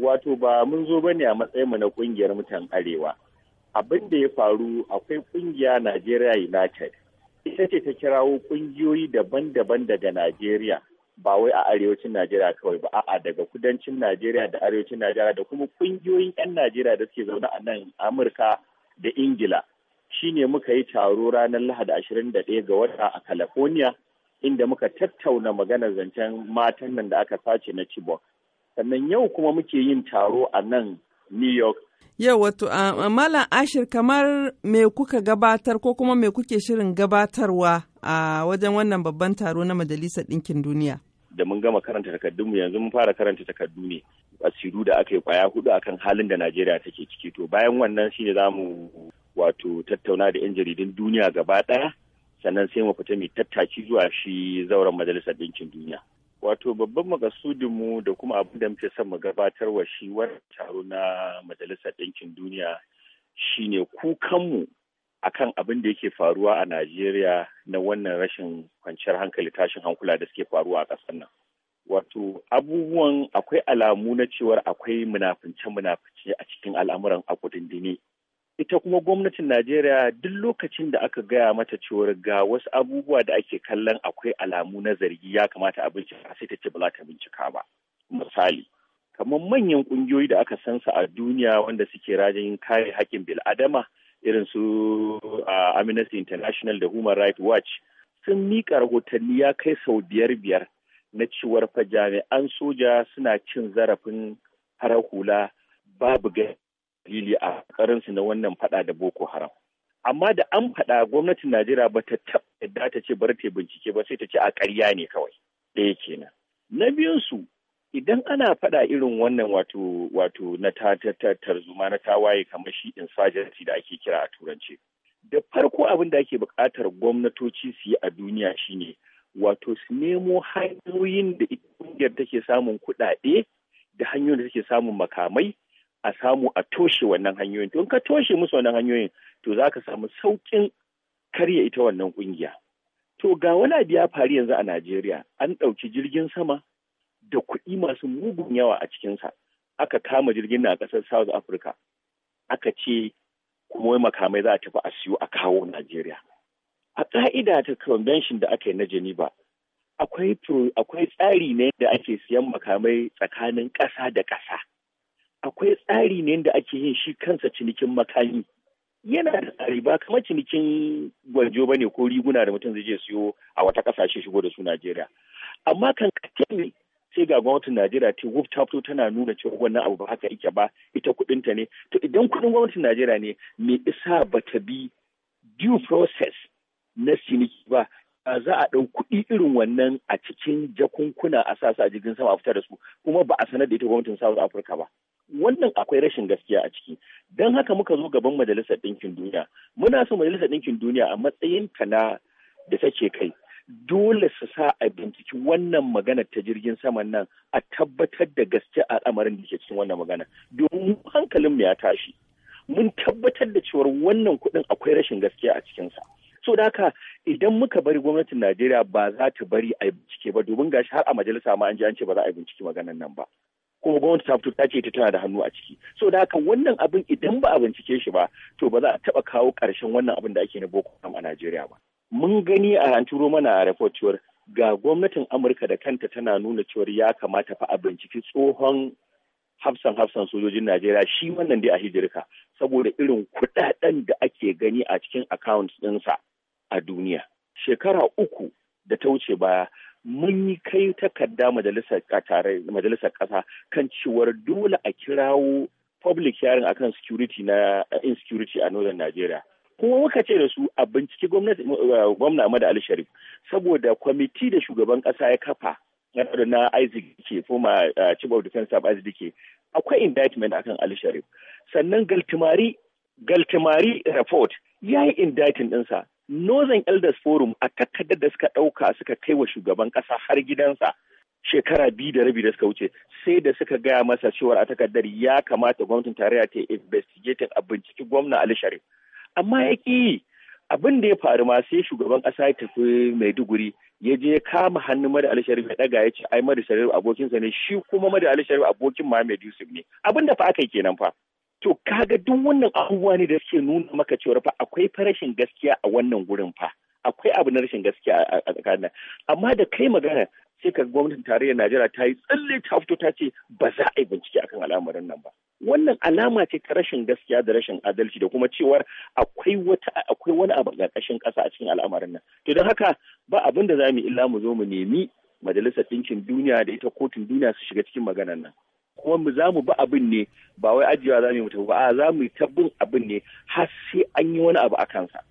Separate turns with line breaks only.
wato ba mun zo bane a matsayinmu na kungiyar mutan arewa abin da ya faru akwai kungiya Najeriya United ita ce ta kirawo kungiyoyi daban-daban daga Najeriya ba wai a arewacin Najeriya kawai ba a'a daga kudancin Najeriya da arewacin Najeriya da kuma kungiyoyin 'yan Najeriya da suke zaune a nan Amurka da Ingila shine muka yi taro ranar Lahadi 21 ga wata a California inda muka tattauna maganar zancen matan nan da aka sace na Chibok sannan yau kuma muke yin taro a nan New York. Yau wato Malam Ashir kamar me kuka gabatar ko kuma me kuke shirin gabatarwa a wajen wannan babban taro na Majalisar Ɗinkin Duniya? Da mun gama karanta takardun mu yanzu mun fara karanta takardu ne asiru da aka yi kwaya hudu akan halin da Najeriya take ciki to bayan wannan shine za mu wato tattauna da 'yan jaridun duniya gaba daya sannan sai mu fita mai tattaki zuwa shi zauren Majalisar Ɗinkin Duniya. Wato babban makasudinmu da kuma abin da muke son mu gabatar wa shi wani taro na Majalisar Ɗinkin Duniya shine kukanmu akan abin da yake faruwa a Najeriya na wannan rashin kwanciyar hankali tashin hankula da suke faruwa a ƙasar nan. Wato abubuwan akwai alamu na cewar akwai munafince-munafince a cikin al'amuran a dini ita kuma gwamnatin najeriya duk lokacin da aka gaya mata cewar ga wasu abubuwa da ake kallon akwai alamu na zargi ya kamata a bincika sai ta ce ba ta bincika ba misali kamar manyan ƙungiyoyi da aka san su a duniya wanda suke rajin kare haƙƙin bil'adama irin su amnesty international da human rights watch sun miƙa rahotanni ya kai sau biyar biyar na cewar fa jami'an soja suna cin zarafin farar hula babu gani fili a karinsu na wannan fada da Boko Haram. Amma da an fada gwamnatin Najeriya ba ta yadda ta ce bar ta bincike ba sai ta ce a ƙarya ne kawai. Ɗaya kenan. Na biyunsu idan ana fada irin wannan wato wato na tarzuma na tawaye kamar shi insurgency da ake kira a turance. Da farko abin da ake buƙatar gwamnatoci su yi a duniya shine wato su nemo hanyoyin da ƙungiyar take samun kuɗaɗe da hanyoyin da take samun makamai a samu a toshe wannan hanyoyin to in ka toshe musu wannan hanyoyin to za ka samu sauƙin karya ita wannan ƙungiya to ga wani abu ya faru yanzu a Najeriya an ɗauki jirgin sama da kuɗi masu mugun yawa a cikinsa aka kama jirgin na ƙasar South Africa aka ce kuma wai makamai za a tafi a siyo a kawo Najeriya a ƙa'ida ta convention da aka yi na Geneva akwai tsari ne da ake siyan makamai tsakanin ƙasa da ƙasa akwai tsari ne da ake yin shi kansa cinikin makami yana da tsari ba kamar cinikin gwanjo ba ne ko riguna da mutum zai je siyo a wata kasashe shigo da su Najeriya amma kan ne sai ga gwamnatin Najeriya ta wuf ta tana nuna cewa wannan abu ba haka yake ba ita kudinta ne to idan kudin gwamnatin Najeriya ne me isa ba ta bi due process na ciniki ba ba za a ɗau kuɗi irin wannan a cikin jakunkuna a sasa jirgin sama a fita da su kuma ba a sanar da ita gwamnatin South Africa ba wannan akwai rashin gaskiya a ciki don haka muka zo gaban majalisar ɗinkin duniya muna so majalisar ɗinkin duniya a matsayin ta na da take kai dole su sa a binciki wannan magana ta jirgin saman nan a tabbatar da gaske a al'amarin da ke cikin wannan magana domin hankalinmu ya tashi mun tabbatar da cewar wannan kuɗin akwai rashin gaskiya a cikinsa. so da haka idan muka bari gwamnatin najeriya ba za ta bari a bincike ba domin gashi har a majalisa ma an ji an ce ba za a binciki maganan nan ba kuma gwamnati ta fito ta ce ta tana da hannu a ciki so da haka wannan abin idan ba a bincike shi ba to ba za a taba kawo karshen wannan abin da ake na boko haram a Najeriya ba mun gani a an turo mana a report cewar ga gwamnatin Amurka da kanta tana nuna cewar ya kamata fa a binciki tsohon hafsan hafsan sojojin Najeriya shi wannan dai a hijirka saboda irin kudaden da ake gani a cikin accounts dinsa a duniya shekara uku da ta wuce baya mun yi kai takarda majalisar ƙasa kan cewar dole a kirawo public hearing akan security na insecurity a northern Nigeria. kuma muka ce da su a binciki gwamnati uh, gwamna Amadu Ali Sharif saboda kwamiti da shugaban ƙasa ya kafa na Isaac ke former uh, chief of defense of Isaac ke akwai indictment akan Ali Sharif sannan galtimari galtimari report ya yi indictment ɗinsa Northern Elders Forum a takardar da suka ɗauka suka kai wa shugaban ƙasa har gidansa shekara biyu da rabi da suka wuce sai da suka gaya masa cewar a takardar ya kamata gwamnatin tarayya ta yi investigating a binciki gwamna Ali Sharif. Amma ya ƙi abin da ya faru ma sai shugaban ƙasa ya tafi Maiduguri ya je kama hannun Madi Ali Sharif ya ɗaga ya ce ai Madu Sharif abokinsa ne shi kuma Madi Ali Sharif abokin Muhammad Yusuf ne. Abin da fa aka yi kenan fa. To kaga duk wannan abubuwa ne da suke nuna maka cewar fa akwai farashin gaskiya a wannan gurin fa akwai abu na rashin gaskiya a tsakanin amma da kai magana sai ka gwamnatin tarayyar Najeriya ta yi tsalle ta fito ta ce ba za a yi bincike akan al'amarin nan ba wannan alama ce ta rashin gaskiya da rashin adalci da kuma cewar akwai wata akwai wani abu ƙarƙashin ƙasa a cikin al'amarin nan to don haka ba abin da za mu illa mu zo mu nemi majalisar ɗinkin duniya da ita kotun duniya su shiga cikin maganar nan kuma mu za mu bi abin ne ba wai ajiyewa za mu yi mutu ba a za mu yi tabbin abin ne har sai an yi wani abu a kansa